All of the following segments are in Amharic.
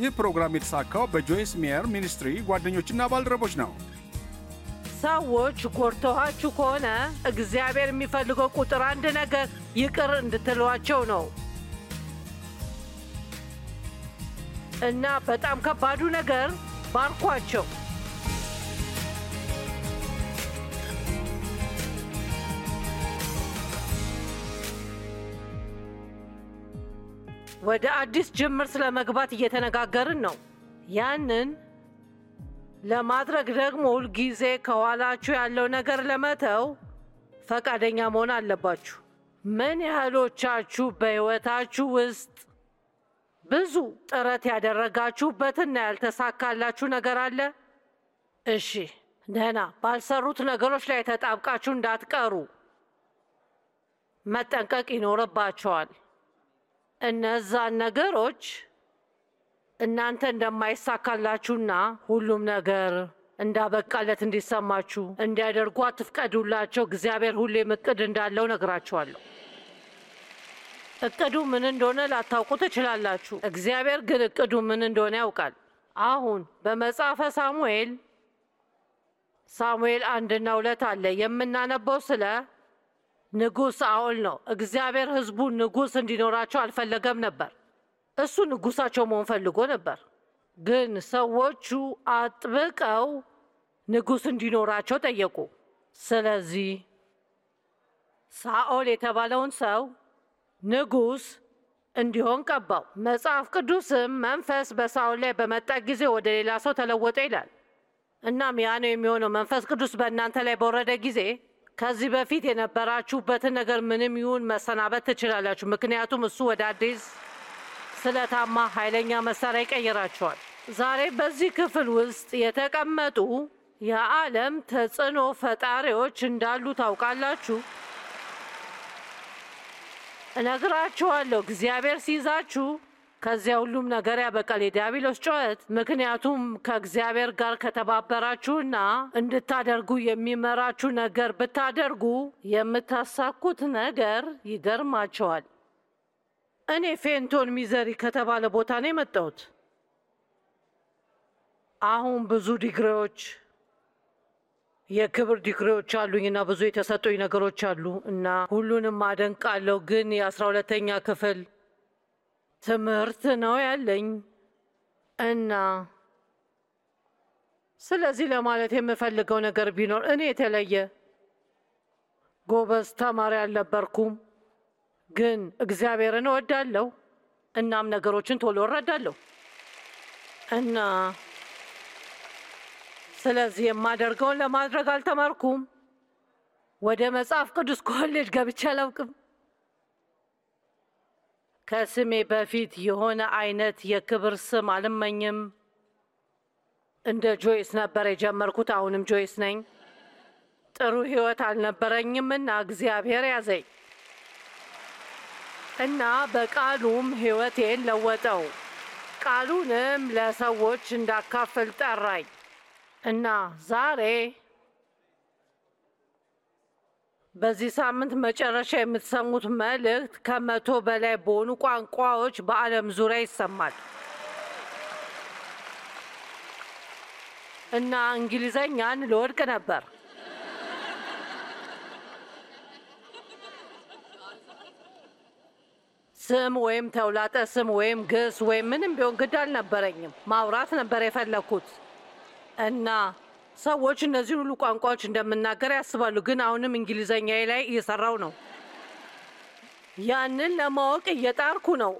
ይህ ፕሮግራም የተሳካው በጆይስ ሚየር ሚኒስትሪ ጓደኞችና ባልደረቦች ነው። ሰዎች ጎድተኋችሁ ከሆነ እግዚአብሔር የሚፈልገው ቁጥር አንድ ነገር ይቅር እንድትሏቸው ነው እና በጣም ከባዱ ነገር ባርኳቸው። ወደ አዲስ ጅምር ስለመግባት እየተነጋገርን ነው። ያንን ለማድረግ ደግሞ ሁልጊዜ ከኋላችሁ ያለው ነገር ለመተው ፈቃደኛ መሆን አለባችሁ። ምን ያህሎቻችሁ በሕይወታችሁ ውስጥ ብዙ ጥረት ያደረጋችሁበትና ያልተሳካላችሁ ነገር አለ? እሺ፣ ደህና። ባልሰሩት ነገሮች ላይ ተጣብቃችሁ እንዳትቀሩ መጠንቀቅ ይኖርባቸዋል። እነዛን ነገሮች እናንተ እንደማይሳካላችሁና ሁሉም ነገር እንዳበቃለት እንዲሰማችሁ እንዲያደርጉ አትፍቀዱላቸው። እግዚአብሔር ሁሌም እቅድ እንዳለው ነግራችኋለሁ። እቅዱ ምን እንደሆነ ላታውቁ ትችላላችሁ። እግዚአብሔር ግን እቅዱ ምን እንደሆነ ያውቃል። አሁን በመጽሐፈ ሳሙኤል ሳሙኤል አንድና ሁለት አለ የምናነበው ስለ ንጉሥ አውል ነው። እግዚአብሔር ሕዝቡን ንጉሥ እንዲኖራቸው አልፈለገም ነበር። እሱ ንጉሳቸው መሆን ፈልጎ ነበር፣ ግን ሰዎቹ አጥብቀው ንጉሥ እንዲኖራቸው ጠየቁ። ስለዚህ ሳኦል የተባለውን ሰው ንጉሥ እንዲሆን ቀባው። መጽሐፍ ቅዱስም መንፈስ በሳኦል ላይ በመጣ ጊዜ ወደ ሌላ ሰው ተለወጠ ይላል። እናም ያ ነው የሚሆነው። መንፈስ ቅዱስ በእናንተ ላይ በወረደ ጊዜ ከዚህ በፊት የነበራችሁበትን ነገር ምንም ይሁን መሰናበት ትችላላችሁ። ምክንያቱም እሱ ወደ አዲስ ስለታማ ኃይለኛ መሳሪያ ይቀይራቸዋል። ዛሬ በዚህ ክፍል ውስጥ የተቀመጡ የዓለም ተጽዕኖ ፈጣሪዎች እንዳሉ ታውቃላችሁ። እነግራችኋለሁ እግዚአብሔር ሲይዛችሁ ከዚያ ሁሉም ነገር ያበቃል። የዲያብሎስ ጩኸት። ምክንያቱም ከእግዚአብሔር ጋር ከተባበራችሁና እንድታደርጉ የሚመራችሁ ነገር ብታደርጉ የምታሳኩት ነገር ይደርማቸዋል እኔ ፌንቶን ሚዘሪ ከተባለ ቦታ ነው የመጣሁት። አሁን ብዙ ዲግሪዎች የክብር ዲግሪዎች አሉኝና ብዙ የተሰጡኝ ነገሮች አሉ እና ሁሉንም አደንቃለሁ። ግን የአስራ ሁለተኛ ክፍል ትምህርት ነው ያለኝ እና ስለዚህ ለማለት የምፈልገው ነገር ቢኖር እኔ የተለየ ጎበዝ ተማሪ አልነበርኩም፣ ግን እግዚአብሔርን እወዳለሁ። እናም ነገሮችን ቶሎ እረዳለሁ እና ስለዚህ የማደርገውን ለማድረግ አልተማርኩም። ወደ መጽሐፍ ቅዱስ ኮሌጅ ገብቼ አላውቅም። ከስሜ በፊት የሆነ አይነት የክብር ስም አልመኝም። እንደ ጆይስ ነበር የጀመርኩት፣ አሁንም ጆይስ ነኝ። ጥሩ ህይወት አልነበረኝም እና እግዚአብሔር ያዘኝ እና በቃሉም ህይወቴን ለወጠው። ቃሉንም ለሰዎች እንዳካፍል ጠራኝ እና ዛሬ በዚህ ሳምንት መጨረሻ የምትሰሙት መልእክት ከመቶ በላይ በሆኑ ቋንቋዎች በዓለም ዙሪያ ይሰማል እና እንግሊዘኛን ልወድቅ ነበር። ስም ወይም ተውላጠ ስም ወይም ግስ ወይም ምንም ቢሆን ግድ አልነበረኝም። ማውራት ነበር የፈለግኩት እና ሰዎች እነዚህን ሁሉ ቋንቋዎች እንደምናገር ያስባሉ፣ ግን አሁንም እንግሊዘኛ ላይ እየሰራው ነው። ያንን ለማወቅ እየጣርኩ ነው።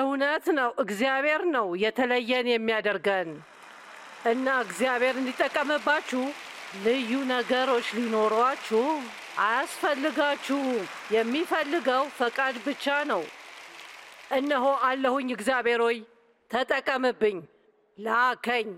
እውነት ነው፣ እግዚአብሔር ነው የተለየን የሚያደርገን እና እግዚአብሔር እንዲጠቀምባችሁ ልዩ ነገሮች ሊኖሯችሁ አያስፈልጋችሁም። የሚፈልገው ፈቃድ ብቻ ነው። እነሆ አለሁኝ። እግዚአብሔር ሆይ ተጠቀምብኝ፣ ላከኝ።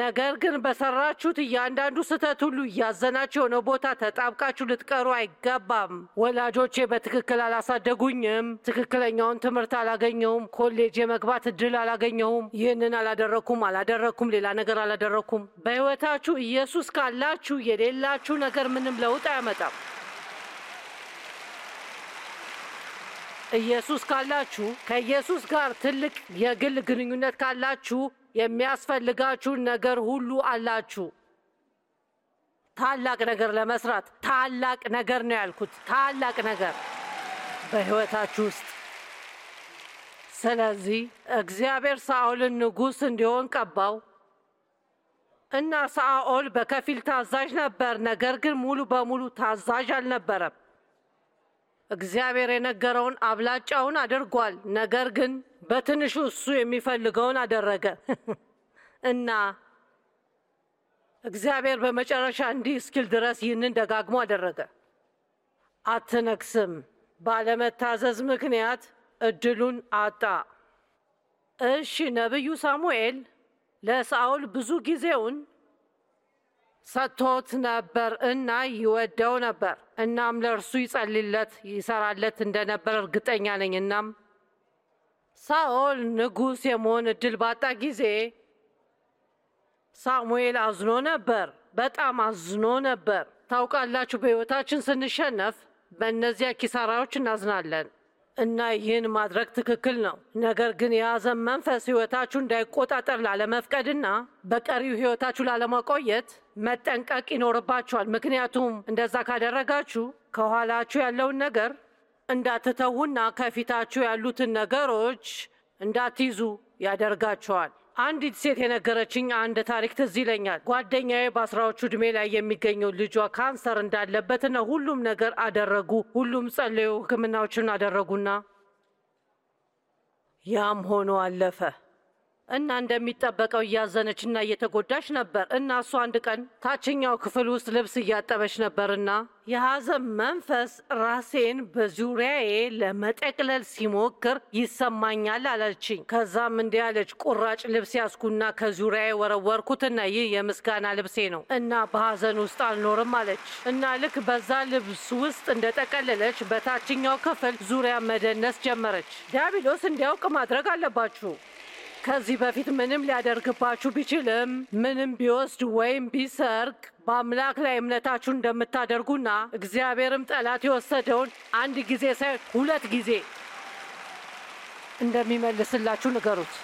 ነገር ግን በሰራችሁት እያንዳንዱ ስህተት ሁሉ እያዘናችሁ የሆነ ቦታ ተጣብቃችሁ ልትቀሩ አይገባም። ወላጆቼ በትክክል አላሳደጉኝም። ትክክለኛውን ትምህርት አላገኘሁም። ኮሌጅ የመግባት እድል አላገኘሁም። ይህንን አላደረኩም አላደረኩም ሌላ ነገር አላደረኩም። በሕይወታችሁ ኢየሱስ ካላችሁ የሌላችሁ ነገር ምንም ለውጥ አያመጣም። ኢየሱስ ካላችሁ ከኢየሱስ ጋር ትልቅ የግል ግንኙነት ካላችሁ የሚያስፈልጋችሁን ነገር ሁሉ አላችሁ። ታላቅ ነገር ለመስራት ታላቅ ነገር ነው ያልኩት። ታላቅ ነገር በህይወታችሁ ውስጥ። ስለዚህ እግዚአብሔር ሳኦልን ንጉሥ እንዲሆን ቀባው እና ሳኦል በከፊል ታዛዥ ነበር፣ ነገር ግን ሙሉ በሙሉ ታዛዥ አልነበረም። እግዚአብሔር የነገረውን አብላጫውን አድርጓል። ነገር ግን በትንሹ እሱ የሚፈልገውን አደረገ እና እግዚአብሔር በመጨረሻ እንዲህ እስኪል ድረስ ይህንን ደጋግሞ አደረገ። አትነግስም። ባለመታዘዝ ምክንያት እድሉን አጣ። እሺ፣ ነቢዩ ሳሙኤል ለሳኦል ብዙ ጊዜውን ሰጥቶት ነበር እና ይወደው ነበር። እናም ለእርሱ ይጸልይለት ይሰራለት እንደነበር እርግጠኛ ነኝ። እናም ሳኦል ንጉሥ የመሆን እድል ባጣ ጊዜ ሳሙኤል አዝኖ ነበር፣ በጣም አዝኖ ነበር። ታውቃላችሁ፣ በሕይወታችን ስንሸነፍ በእነዚያ ኪሳራዎች እናዝናለን። እና ይህን ማድረግ ትክክል ነው። ነገር ግን የያዘን መንፈስ ህይወታችሁ እንዳይቆጣጠር ላለመፍቀድና በቀሪው ህይወታችሁ ላለማቆየት መጠንቀቅ ይኖርባችኋል። ምክንያቱም እንደዛ ካደረጋችሁ ከኋላችሁ ያለውን ነገር እንዳትተዉና ከፊታችሁ ያሉትን ነገሮች እንዳትይዙ ያደርጋችኋል። አንዲት ሴት የነገረችኝ አንድ ታሪክ ትዝ ይለኛል። ጓደኛዬ በአስራዎቹ እድሜ ላይ የሚገኘው ልጇ ካንሰር እንዳለበትና ሁሉም ነገር አደረጉ። ሁሉም ጸለዩ፣ ሕክምናዎችን አደረጉና ያም ሆኖ አለፈ። እና እንደሚጠበቀው እያዘነች እና እየተጎዳች ነበር። እና እሱ አንድ ቀን ታችኛው ክፍል ውስጥ ልብስ እያጠበች ነበርና የሐዘን መንፈስ ራሴን በዙሪያዬ ለመጠቅለል ሲሞክር ይሰማኛል አለችኝ። ከዛም እንዲህ ያለች ቁራጭ ልብስ ያስኩና ከዙሪያዬ ወረወርኩትና ይህ የምስጋና ልብሴ ነው እና በሐዘን ውስጥ አልኖርም አለች። እና ልክ በዛ ልብስ ውስጥ እንደጠቀለለች በታችኛው ክፍል ዙሪያ መደነስ ጀመረች። ዲያብሎስ እንዲያውቅ ማድረግ አለባችሁ። ከዚህ በፊት ምንም ሊያደርግባችሁ ቢችልም ምንም ቢወስድ ወይም ቢሰርቅ በአምላክ ላይ እምነታችሁ እንደምታደርጉና እግዚአብሔርም ጠላት የወሰደውን አንድ ጊዜ ሳይሆን ሁለት ጊዜ እንደሚመልስላችሁ ንገሩት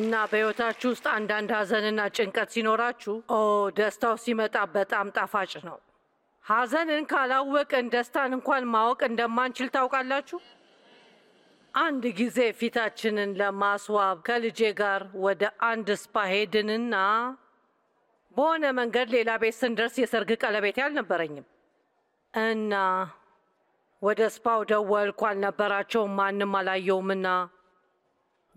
እና በሕይወታችሁ ውስጥ አንዳንድ ሐዘንና ጭንቀት ሲኖራችሁ፣ ኦ ደስታው ሲመጣ በጣም ጣፋጭ ነው። ሐዘንን ካላወቅን ደስታን እንኳን ማወቅ እንደማንችል ታውቃላችሁ። አንድ ጊዜ ፊታችንን ለማስዋብ ከልጄ ጋር ወደ አንድ ስፓ ሄድንና በሆነ መንገድ ሌላ ቤት ስንደርስ የሰርግ ቀለቤቴ አልነበረኝም እና ወደ ስፓው ደወልኩ። አልነበራቸውም፣ ማንም አላየውምና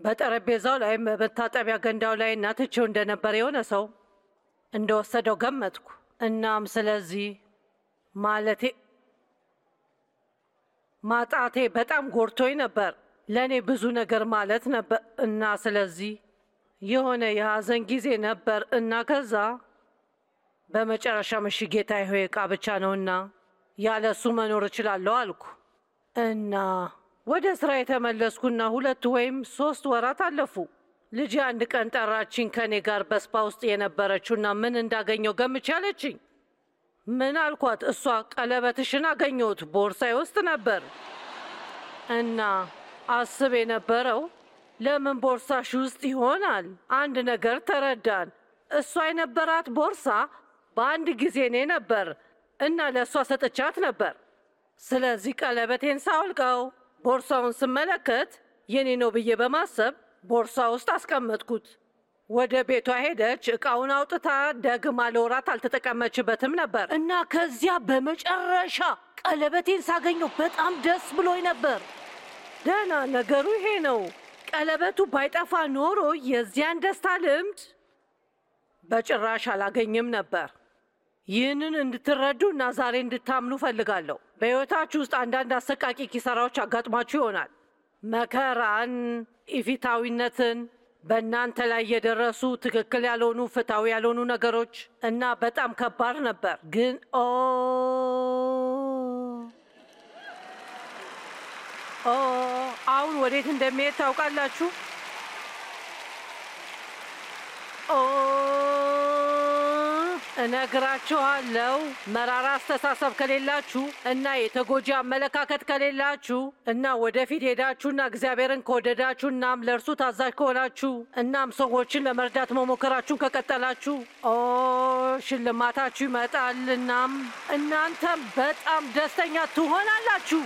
በጠረጴዛው ላይ መታጠቢያ ገንዳው ላይ እናትቸው ትቼው እንደነበረ የሆነ ሰው እንደወሰደው ገመትኩ። እናም ስለዚህ ማለቴ ማጣቴ በጣም ጎርቶኝ ነበር። ለእኔ ብዙ ነገር ማለት ነበር እና ስለዚህ የሆነ የሐዘን ጊዜ ነበር እና ከዛ በመጨረሻ ምሽ ጌታ ሆይ ዕቃ ብቻ ነውና ያለ እሱ መኖር እችላለሁ አልኩ እና ወደ ስራ የተመለስኩና ሁለት ወይም ሶስት ወራት አለፉ። ልጅ አንድ ቀን ጠራችኝ። ከእኔ ጋር በስፓ ውስጥ የነበረችውና ምን እንዳገኘው ገምቼ አለችኝ። ምን አልኳት? እሷ ቀለበትሽን አገኘሁት ቦርሳይ ውስጥ ነበር እና አስብ የነበረው ለምን ቦርሳሽ ውስጥ ይሆናል? አንድ ነገር ተረዳን። እሷ የነበራት ቦርሳ በአንድ ጊዜ እኔ ነበር እና ለእሷ ሰጥቻት ነበር። ስለዚህ ቀለበቴን ሳውልቀው ቦርሳውን ስመለከት የኔ ነው ብዬ በማሰብ ቦርሳ ውስጥ አስቀመጥኩት። ወደ ቤቷ ሄደች። እቃውን አውጥታ ደግማ ለወራት አልተጠቀመችበትም ነበር እና ከዚያ በመጨረሻ ቀለበቴን ሳገኘው በጣም ደስ ብሎኝ ነበር። ደህና ነገሩ ይሄ ነው። ቀለበቱ ባይጠፋ ኖሮ የዚያን ደስታ ልምድ በጭራሽ አላገኝም ነበር። ይህንን እንድትረዱ እና ዛሬ እንድታምኑ ፈልጋለሁ። በሕይወታችሁ ውስጥ አንዳንድ አሰቃቂ ኪሳራዎች አጋጥሟችሁ ይሆናል። መከራን፣ ኢፊታዊነትን፣ በእናንተ ላይ የደረሱ ትክክል ያልሆኑ ፍታዊ ያልሆኑ ነገሮች እና በጣም ከባድ ነበር ግን ኦ አሁን ወዴት እንደሚሄድ ታውቃላችሁ? እነግራችኋለሁ። መራራ አስተሳሰብ ከሌላችሁ እና የተጎጂ አመለካከት ከሌላችሁ እና ወደፊት ሄዳችሁና እግዚአብሔርን ከወደዳችሁ እናም ለእርሱ ታዛዥ ከሆናችሁ እናም ሰዎችን ለመርዳት መሞከራችሁን ከቀጠላችሁ ኦ ሽልማታችሁ ይመጣል። እናም እናንተም በጣም ደስተኛ ትሆናላችሁ።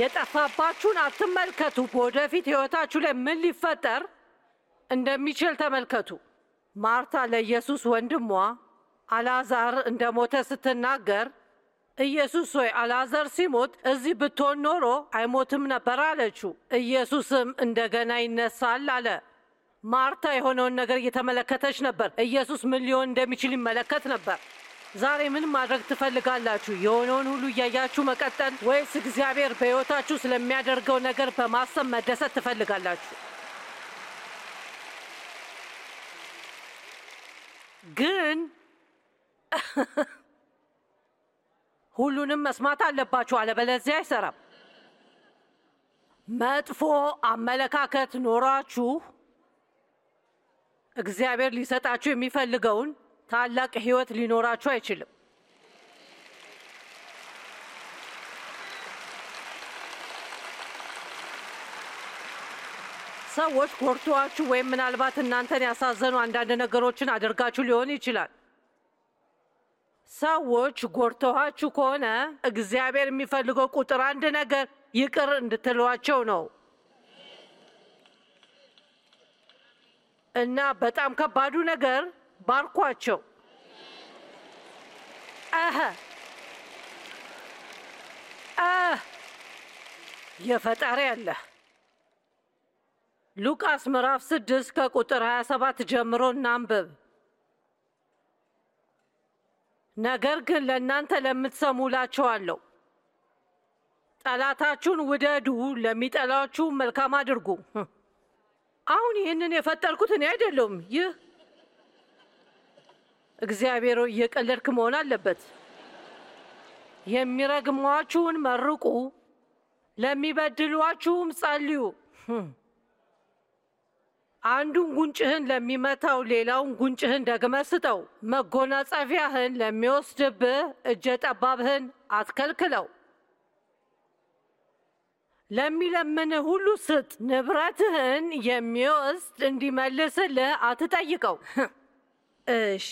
የጠፋባችሁን አትመልከቱ። ወደፊት ሕይወታችሁ ላይ ምን ሊፈጠር እንደሚችል ተመልከቱ። ማርታ ለኢየሱስ ወንድሟ አልዓዛር እንደሞተ ስትናገር ኢየሱስ ሆይ አልዓዛር ሲሞት እዚህ ብትሆን ኖሮ አይሞትም ነበር አለችው። ኢየሱስም እንደገና ይነሳል አለ። ማርታ የሆነውን ነገር እየተመለከተች ነበር። ኢየሱስ ምን ሊሆን እንደሚችል ይመለከት ነበር። ዛሬ ምን ማድረግ ትፈልጋላችሁ? የሆነውን ሁሉ እያያችሁ መቀጠል ወይስ እግዚአብሔር በሕይወታችሁ ስለሚያደርገው ነገር በማሰብ መደሰት ትፈልጋላችሁ? ግን ሁሉንም መስማት አለባችሁ፣ አለበለዚያ አይሰራም። መጥፎ አመለካከት ኖራችሁ እግዚአብሔር ሊሰጣችሁ የሚፈልገውን ታላቅ ህይወት ሊኖራችሁ አይችልም። ሰዎች ጎርቶዋችሁ ወይም ምናልባት እናንተን ያሳዘኑ አንዳንድ ነገሮችን አድርጋችሁ ሊሆን ይችላል። ሰዎች ጎርተኋችሁ ከሆነ እግዚአብሔር የሚፈልገው ቁጥር አንድ ነገር ይቅር እንድትሏቸው ነው እና በጣም ከባዱ ነገር ባርኳቸው። የፈጣሪ አለ። ሉቃስ ምዕራፍ ስድስት ከቁጥር 27 ጀምሮ እናንብብ። ነገር ግን ለእናንተ ለምትሰሙ እላችኋለሁ፣ ጠላታችሁን ውደዱ፣ ለሚጠላችሁ መልካም አድርጉ። አሁን ይህንን የፈጠርኩት እኔ አይደለሁም። ይህ እግዚአብሔር እየቀለድክ መሆን አለበት። የሚረግሟችሁን መርቁ፣ ለሚበድሏችሁም ጸልዩ። አንዱን ጉንጭህን ለሚመታው ሌላውን ጉንጭህን ደግመ ስጠው። መጎናጸፊያህን ለሚወስድብህ እጀ ጠባብህን አትከልክለው። ለሚለምንህ ሁሉ ስጥ። ንብረትህን የሚወስድ እንዲመልስልህ አትጠይቀው። እሺ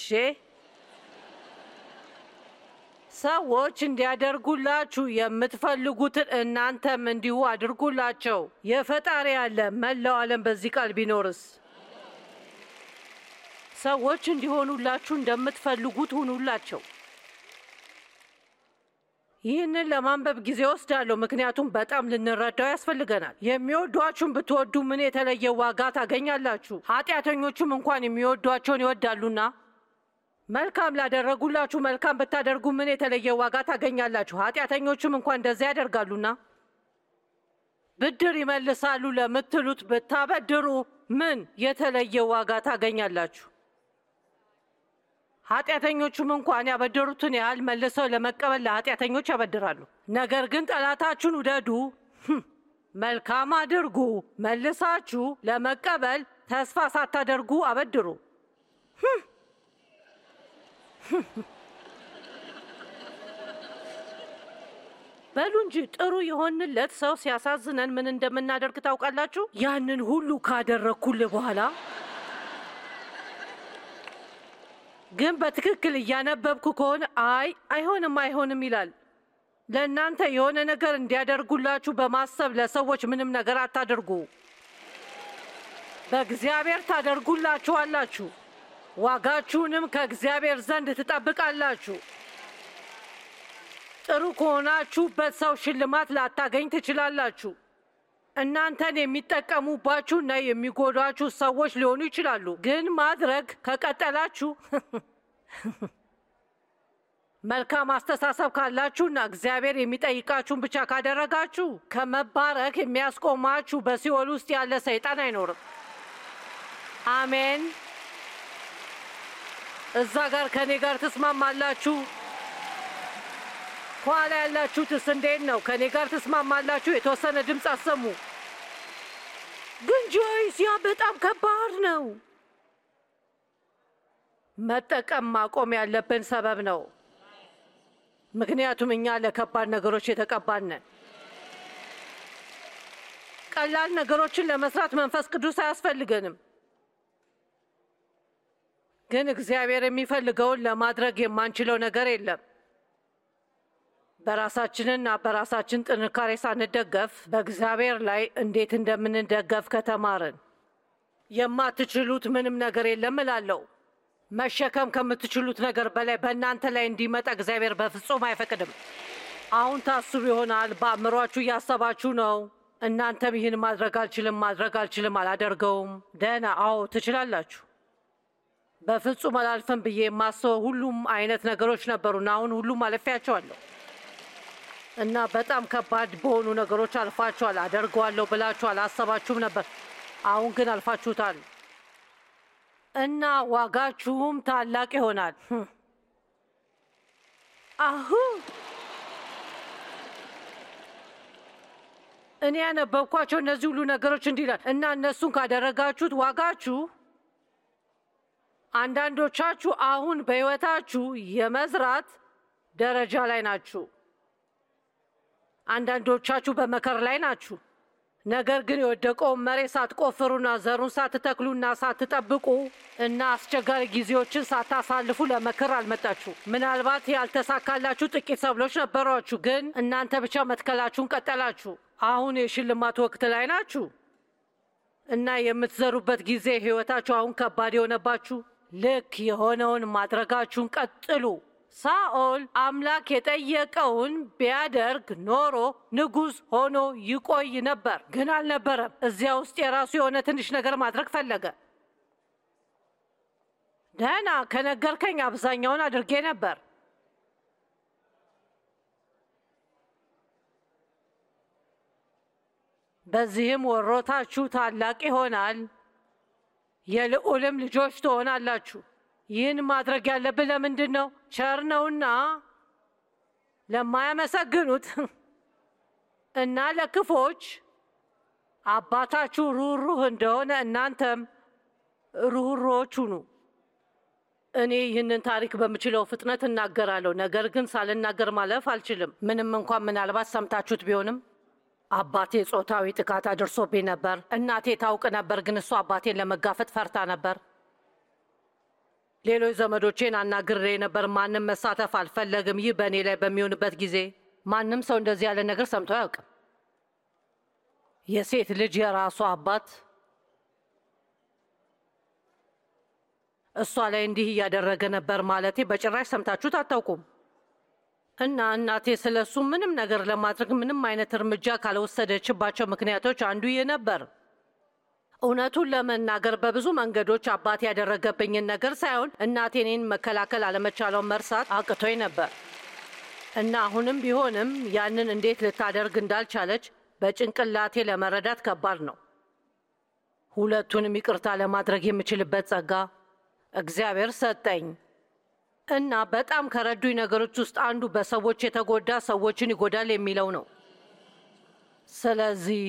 ሰዎች እንዲያደርጉላችሁ የምትፈልጉትን እናንተም እንዲሁ አድርጉላቸው። የፈጣሪ ያለ መላው ዓለም በዚህ ቃል ቢኖርስ ሰዎች እንዲሆኑላችሁ እንደምትፈልጉት ሁኑላቸው። ይህንን ለማንበብ ጊዜ ወስዳለሁ፣ ምክንያቱም በጣም ልንረዳው ያስፈልገናል። የሚወዷችሁን ብትወዱ ምን የተለየ ዋጋ ታገኛላችሁ? ኃጢአተኞቹም እንኳን የሚወዷቸውን ይወዳሉና መልካም ላደረጉላችሁ መልካም ብታደርጉ ምን የተለየ ዋጋ ታገኛላችሁ? ኃጢአተኞቹም እንኳን እንደዚያ ያደርጋሉና ብድር ይመልሳሉ ለምትሉት ብታበድሩ ምን የተለየ ዋጋ ታገኛላችሁ? ኃጢአተኞቹም እንኳን ያበደሩትን ያህል መልሰው ለመቀበል ለኃጢአተኞች ያበድራሉ። ነገር ግን ጠላታችሁን ውደዱ፣ hm፣ መልካም አድርጉ፣ መልሳችሁ ለመቀበል ተስፋ ሳታደርጉ አበድሩ። hm፣ hm፣ በሉ እንጂ ጥሩ የሆንለት ሰው ሲያሳዝነን ምን እንደምናደርግ ታውቃላችሁ? ያንን ሁሉ ካደረግኩልህ በኋላ ግን በትክክል እያነበብኩ ከሆነ አይ አይሆንም አይሆንም ይላል። ለእናንተ የሆነ ነገር እንዲያደርጉላችሁ በማሰብ ለሰዎች ምንም ነገር አታደርጉ። በእግዚአብሔር ታደርጉላችኋላችሁ፣ ዋጋችሁንም ከእግዚአብሔር ዘንድ ትጠብቃላችሁ። ጥሩ ከሆናችሁበት ሰው ሽልማት ላታገኝ ትችላላችሁ። እናንተን እና የሚጎዷችሁ ሰዎች ሊሆኑ ይችላሉ። ግን ማድረግ ከቀጠላችሁ መልካም አስተሳሰብ ካላችሁና እግዚአብሔር የሚጠይቃችሁን ብቻ ካደረጋችሁ ከመባረክ የሚያስቆማችሁ በሲኦል ውስጥ ያለ ሰይጣን አይኖርም። አሜን። እዛ ጋር ከእኔ ጋር ትስማማላችሁ? ኋላ ያላችሁትስ እንዴት ነው? ከእኔ ጋር ትስማማላችሁ? የተወሰነ ድምፅ አሰሙ። ግን ጆይስ፣ ያ በጣም ከባድ ነው። መጠቀም ማቆም ያለብን ሰበብ ነው። ምክንያቱም እኛ ለከባድ ነገሮች የተቀባን ነን። ቀላል ነገሮችን ለመስራት መንፈስ ቅዱስ አያስፈልገንም። ግን እግዚአብሔር የሚፈልገውን ለማድረግ የማንችለው ነገር የለም። በራሳችንና በራሳችን ጥንካሬ ሳንደገፍ በእግዚአብሔር ላይ እንዴት እንደምንደገፍ ከተማርን የማትችሉት ምንም ነገር የለም እላለሁ። መሸከም ከምትችሉት ነገር በላይ በእናንተ ላይ እንዲመጣ እግዚአብሔር በፍጹም አይፈቅድም። አሁን ታስቡ ይሆናል፣ በአእምሯችሁ እያሰባችሁ ነው። እናንተም ይህን ማድረግ አልችልም፣ ማድረግ አልችልም፣ አላደርገውም። ደህና፣ አዎ ትችላላችሁ። በፍጹም አላልፈን ብዬ የማስበው ሁሉም አይነት ነገሮች ነበሩና አሁን ሁሉም አለፊያቸዋለሁ። እና በጣም ከባድ በሆኑ ነገሮች አልፋችኋል። አደርገዋለሁ ብላችሁ አላሰባችሁም ነበር። አሁን ግን አልፋችሁታል እና ዋጋችሁም ታላቅ ይሆናል። አሁ እኔ ያነበብኳቸው እነዚህ ሁሉ ነገሮች እንዲህ ይላል እና እነሱን ካደረጋችሁት ዋጋችሁ አንዳንዶቻችሁ አሁን በሕይወታችሁ የመዝራት ደረጃ ላይ ናችሁ። አንዳንዶቻችሁ በመከር ላይ ናችሁ። ነገር ግን የወደቀውን መሬት ሳትቆፍሩና ዘሩን ሳትተክሉና ሳትጠብቁ እና አስቸጋሪ ጊዜዎችን ሳታሳልፉ ለመከር አልመጣችሁ። ምናልባት ያልተሳካላችሁ ጥቂት ሰብሎች ነበሯችሁ፣ ግን እናንተ ብቻ መትከላችሁን ቀጠላችሁ። አሁን የሽልማት ወቅት ላይ ናችሁ እና የምትዘሩበት ጊዜ ህይወታችሁ አሁን ከባድ የሆነባችሁ ልክ የሆነውን ማድረጋችሁን ቀጥሉ። ሳኦል አምላክ የጠየቀውን ቢያደርግ ኖሮ ንጉሥ ሆኖ ይቆይ ነበር፣ ግን አልነበረም። እዚያ ውስጥ የራሱ የሆነ ትንሽ ነገር ማድረግ ፈለገ። ደህና ከነገርከኝ አብዛኛውን አድርጌ ነበር። በዚህም ወሮታችሁ ታላቅ ይሆናል፣ የልዑልም ልጆች ትሆናላችሁ። ይህን ማድረግ ያለብን ለምንድን ነው? ቸር ነውና ለማያመሰግኑት እና ለክፎች አባታችሁ ሩህሩህ እንደሆነ እናንተም ሩህሩሆች ሁኑ። እኔ ይህንን ታሪክ በምችለው ፍጥነት እናገራለሁ፣ ነገር ግን ሳልናገር ማለፍ አልችልም። ምንም እንኳን ምናልባት ሰምታችሁት ቢሆንም አባቴ ጾታዊ ጥቃት አድርሶብኝ ነበር። እናቴ ታውቅ ነበር፣ ግን እሱ አባቴን ለመጋፈጥ ፈርታ ነበር። ሌሎች ዘመዶቼን አናግሬ ነበር። ማንም መሳተፍ አልፈለግም። ይህ በእኔ ላይ በሚሆንበት ጊዜ ማንም ሰው እንደዚህ ያለ ነገር ሰምቶ አያውቅም። የሴት ልጅ የራሷ አባት እሷ ላይ እንዲህ እያደረገ ነበር ማለቴ በጭራሽ ሰምታችሁት አታውቁም። እና እናቴ ስለ እሱ ምንም ነገር ለማድረግ ምንም አይነት እርምጃ ካልወሰደችባቸው ምክንያቶች አንዱ ይህ ነበር። እውነቱን ለመናገር በብዙ መንገዶች አባት ያደረገብኝን ነገር ሳይሆን እናቴኔን መከላከል አለመቻለውን መርሳት አቅቶኝ ነበር እና አሁንም ቢሆንም ያንን እንዴት ልታደርግ እንዳልቻለች በጭንቅላቴ ለመረዳት ከባድ ነው። ሁለቱንም ይቅርታ ለማድረግ የምችልበት ጸጋ እግዚአብሔር ሰጠኝ እና በጣም ከረዱኝ ነገሮች ውስጥ አንዱ በሰዎች የተጎዳ ሰዎችን ይጎዳል የሚለው ነው። ስለዚህ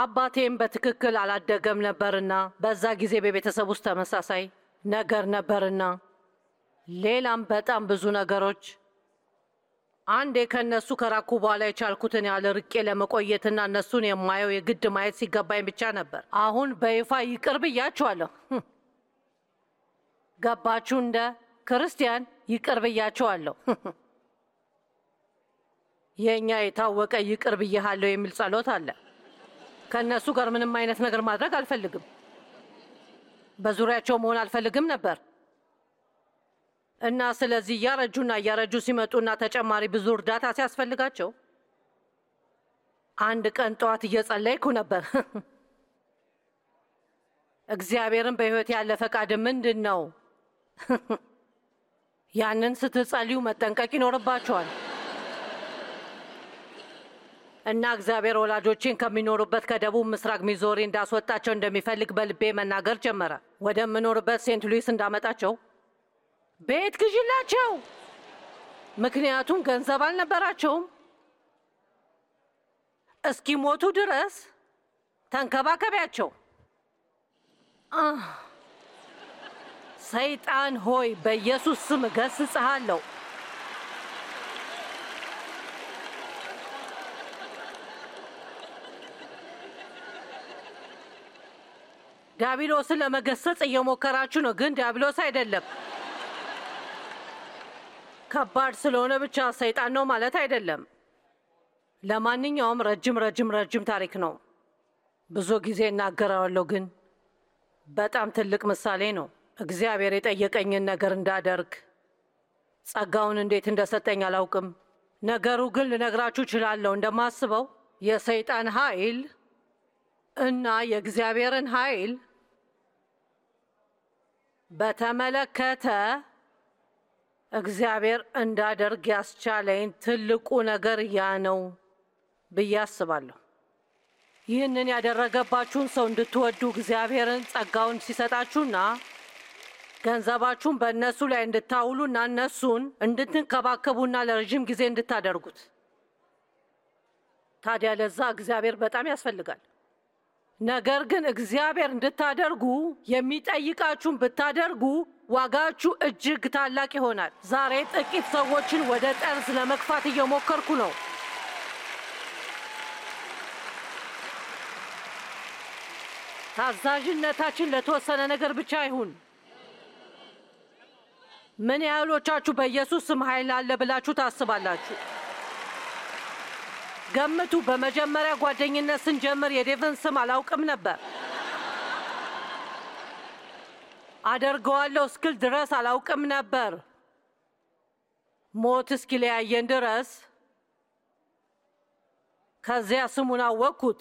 አባቴም በትክክል አላደገም ነበርና በዛ ጊዜ በቤተሰብ ውስጥ ተመሳሳይ ነገር ነበርና ሌላም በጣም ብዙ ነገሮች አንዴ ከነሱ ከራኩ በኋላ የቻልኩትን ያለ ርቄ ለመቆየትና እነሱን የማየው የግድ ማየት ሲገባኝ ብቻ ነበር። አሁን በይፋ ይቅር ብያቸዋለሁ። ገባችሁ? እንደ ክርስቲያን ይቅር ብያቸዋለሁ። የእኛ የታወቀ ይቅር ብያሃለሁ የሚል ጸሎት አለ። ከእነሱ ጋር ምንም አይነት ነገር ማድረግ አልፈልግም። በዙሪያቸው መሆን አልፈልግም ነበር እና ስለዚህ እያረጁና እያረጁ ሲመጡና ተጨማሪ ብዙ እርዳታ ሲያስፈልጋቸው አንድ ቀን ጠዋት እየጸለይኩ ነበር። እግዚአብሔርን በህይወት ያለ ፈቃድ ምንድን ነው? ያንን ስትጸልዩ መጠንቀቅ ይኖርባቸዋል። እና እግዚአብሔር ወላጆችን ከሚኖሩበት ከደቡብ ምስራቅ ሚዞሪ እንዳስወጣቸው እንደሚፈልግ በልቤ መናገር ጀመረ። ወደምኖርበት ሴንት ሉዊስ እንዳመጣቸው ቤት ግዥላቸው ምክንያቱም ገንዘብ አልነበራቸውም። እስኪሞቱ ድረስ ተንከባከቢያቸው። ሰይጣን ሆይ በኢየሱስ ስም እገስጽሃለሁ። ዲያብሎስን ለመገሰጽ እየሞከራችሁ ነው፣ ግን ዲያብሎስ አይደለም። ከባድ ስለሆነ ብቻ ሰይጣን ነው ማለት አይደለም። ለማንኛውም ረጅም ረጅም ረጅም ታሪክ ነው። ብዙ ጊዜ እናገረዋለሁ፣ ግን በጣም ትልቅ ምሳሌ ነው። እግዚአብሔር የጠየቀኝን ነገር እንዳደርግ ጸጋውን እንዴት እንደሰጠኝ አላውቅም። ነገሩ ግን ልነግራችሁ እችላለሁ። እንደማስበው የሰይጣን ኃይል እና የእግዚአብሔርን ኃይል በተመለከተ እግዚአብሔር እንዳደርግ ያስቻለኝ ትልቁ ነገር ያ ነው ብዬ አስባለሁ። ይህንን ያደረገባችሁን ሰው እንድትወዱ እግዚአብሔርን ጸጋውን ሲሰጣችሁና ገንዘባችሁን በእነሱ ላይ እንድታውሉና እነሱን እንድትንከባከቡና ለረዥም ጊዜ እንድታደርጉት ታዲያ ለዛ እግዚአብሔር በጣም ያስፈልጋል። ነገር ግን እግዚአብሔር እንድታደርጉ የሚጠይቃችሁን ብታደርጉ ዋጋችሁ እጅግ ታላቅ ይሆናል። ዛሬ ጥቂት ሰዎችን ወደ ጠርዝ ለመግፋት እየሞከርኩ ነው። ታዛዥነታችን ለተወሰነ ነገር ብቻ ይሁን ምን ያህሎቻችሁ በኢየሱስ ስም ኃይል አለ ብላችሁ ታስባላችሁ? ገምቱ። በመጀመሪያ ጓደኝነት ስንጀምር የዴቭን ስም አላውቅም ነበር። አደርገዋለሁ እስክል ድረስ አላውቅም ነበር። ሞት እስኪለያየን ድረስ። ከዚያ ስሙን አወቅኩት።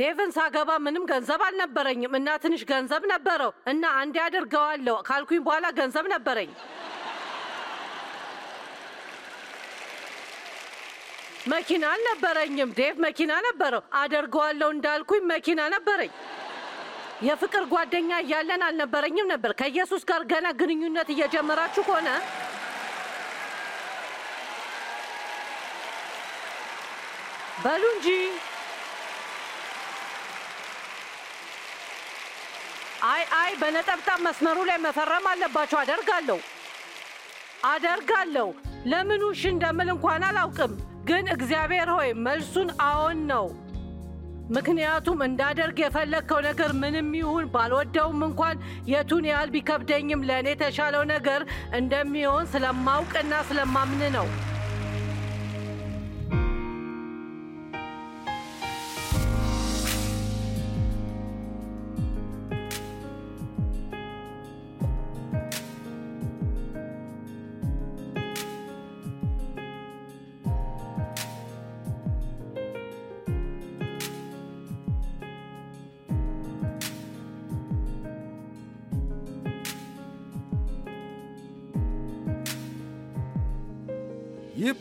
ዴቭን ሳገባ ምንም ገንዘብ አልነበረኝም እና ትንሽ ገንዘብ ነበረው እና አንዴ አደርገዋለሁ ካልኩኝ በኋላ ገንዘብ ነበረኝ። መኪና አልነበረኝም ዴቭ። መኪና ነበረው አደርገዋለሁ እንዳልኩኝ መኪና ነበረኝ። የፍቅር ጓደኛ እያለን አልነበረኝም ነበር። ከኢየሱስ ጋር ገና ግንኙነት እየጀመራችሁ ከሆነ በሉ እንጂ አይ አይ፣ በነጠብጣብ መስመሩ ላይ መፈረም አለባቸው። አደርጋለሁ አደርጋለሁ። ለምን ውሽ እንደምል እንኳን አላውቅም። ግን እግዚአብሔር ሆይ መልሱን አዎን ነው። ምክንያቱም እንዳደርግ የፈለግከው ነገር ምንም ይሁን ባልወደውም እንኳን የቱን ያህል ቢከብደኝም ለእኔ የተሻለው ነገር እንደሚሆን ስለማውቅና ስለማምን ነው።